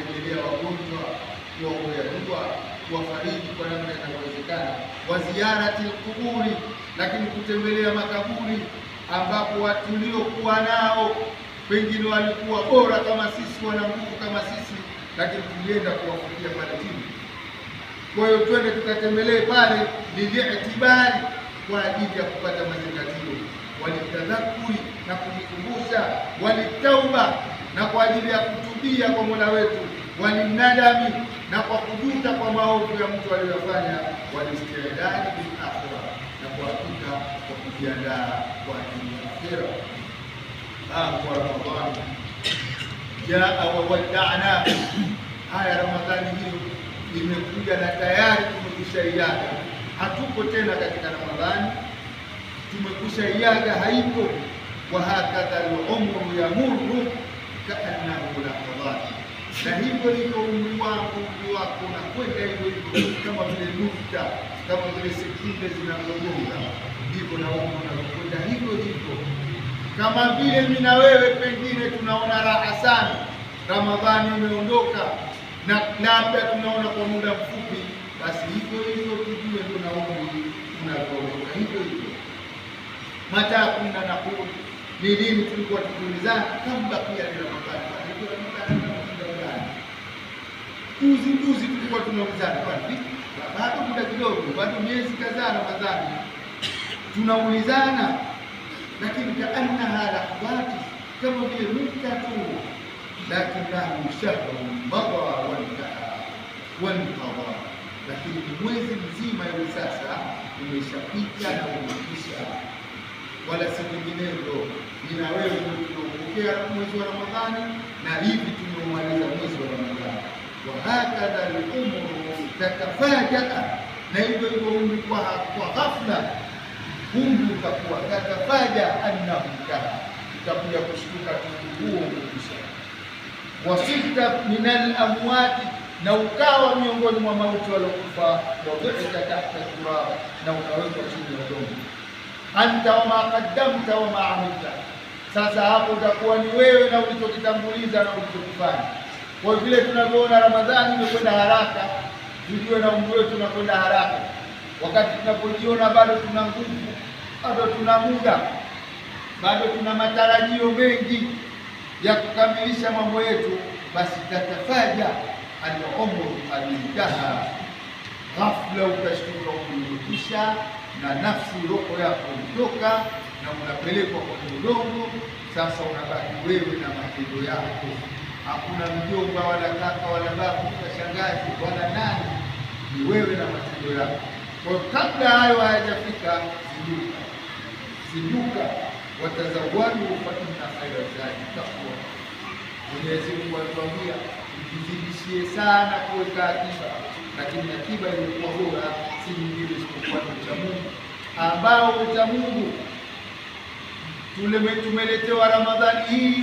kuwatembelea wagonjwa, kuwaombea dua, kuwafariji kwa namna inayowezekana, wa ziarati kuburi, lakini kutembelea makaburi ambapo tuliokuwa nao pengine walikuwa bora kama sisi, wana nguvu kama sisi, lakini tulienda kuwafikia chini. Kwa hiyo twende tukatembelee pale vitibari kwa ajili ya kupata mazingatio, walitadhakuri na kujikumbusha, walitauba na kwa ajili ya kutubia kwa Mola wetu walinadami, na kwa kujuta kwa maovu ya mtu aliyofanya, walistiadani bil akhira, na kwa hakika kwa kujiandaa kwa ajili ya akhira. Kwa Ramadhani jaa wawadana, haya Ramadhani hiyo imekuja na tayari tumekwisha iaga, hatuko tena katika Ramadhani, tumekwisha iaga, haipo. Wahakadha lumru yamuru na hivyo ndivyo umri wako umri wako unakwenda hivyo hivyo, kama vile nukta, kama vile sekunde zinazogonga, ndivyo na wewe unakwenda hivyo hivyo. Kama vile mimi na wewe pengine tunaona raha sana, Ramadhani umeondoka na labda tunaona kwa muda mfupi, basi hivyo hivyo tujue kuna umri unaondoka hivyo hivyo. Mata na naqulu ni lini tulikuwa tukiulizana kabla pia ni Ramadhani Juzi tulikuwa tunaulizana bado muda kidogo, bado miezi kadhaa Ramadhani, tunaulizana lakini kaannaha lahbati, kama vile nukta tu, lakinahu shahrun mada wantaha wantada, lakini ni mwezi mzima hivi sasa umeshapita na umekisha, wala si vinginevyo. Nina wewe tunaupokea mwezi wa Ramadhani na hivi tumeumaliza mwezi wa Ramadhani wahakadha al-umru tatafajaa, na hivyo hivyo umri kwa ghafla umri utakuwa tatafaja annahu kana, utakuja kushtuka huo umri. Wasita min al-amwati, na ukawa miongoni mwa mauti waliokufa, wabuita tahta turaba, na ukawekwa chini ya udongo. Anta wama qaddamta wama amilta, sasa hapo utakuwa ni wewe na ulichokitanguliza na ulichokifanya kwa vile tunavyoona Ramadhani imekwenda haraka, tujue na umri wetu unakwenda haraka. Wakati tunapojiona bado tuna nguvu, bado tuna muda, bado tuna matarajio mengi ya kukamilisha mambo yetu, basi tatafaja alomru alintaha ghafla, utashtuka umeondokisha na nafsi, roho yako kutoka na unapelekwa kwenye udongo. Sasa unabaki wewe na matendo yako hakuna mjomba wala kaka wala babu wala shangazi wala nani, ni wewe na matendo yako. Kwa kabla hayo hayajafika, sijuka sijuka, watazawadu faina khaira zadi takwa. Mwenyezi Mungu atuambia mjizidishie sana kuweka akiba, lakini akiba iliyokuwa bora si nyingine isipokuwa ni ucha Mungu, ambao ucha Mungu tumeletewa Ramadhani hii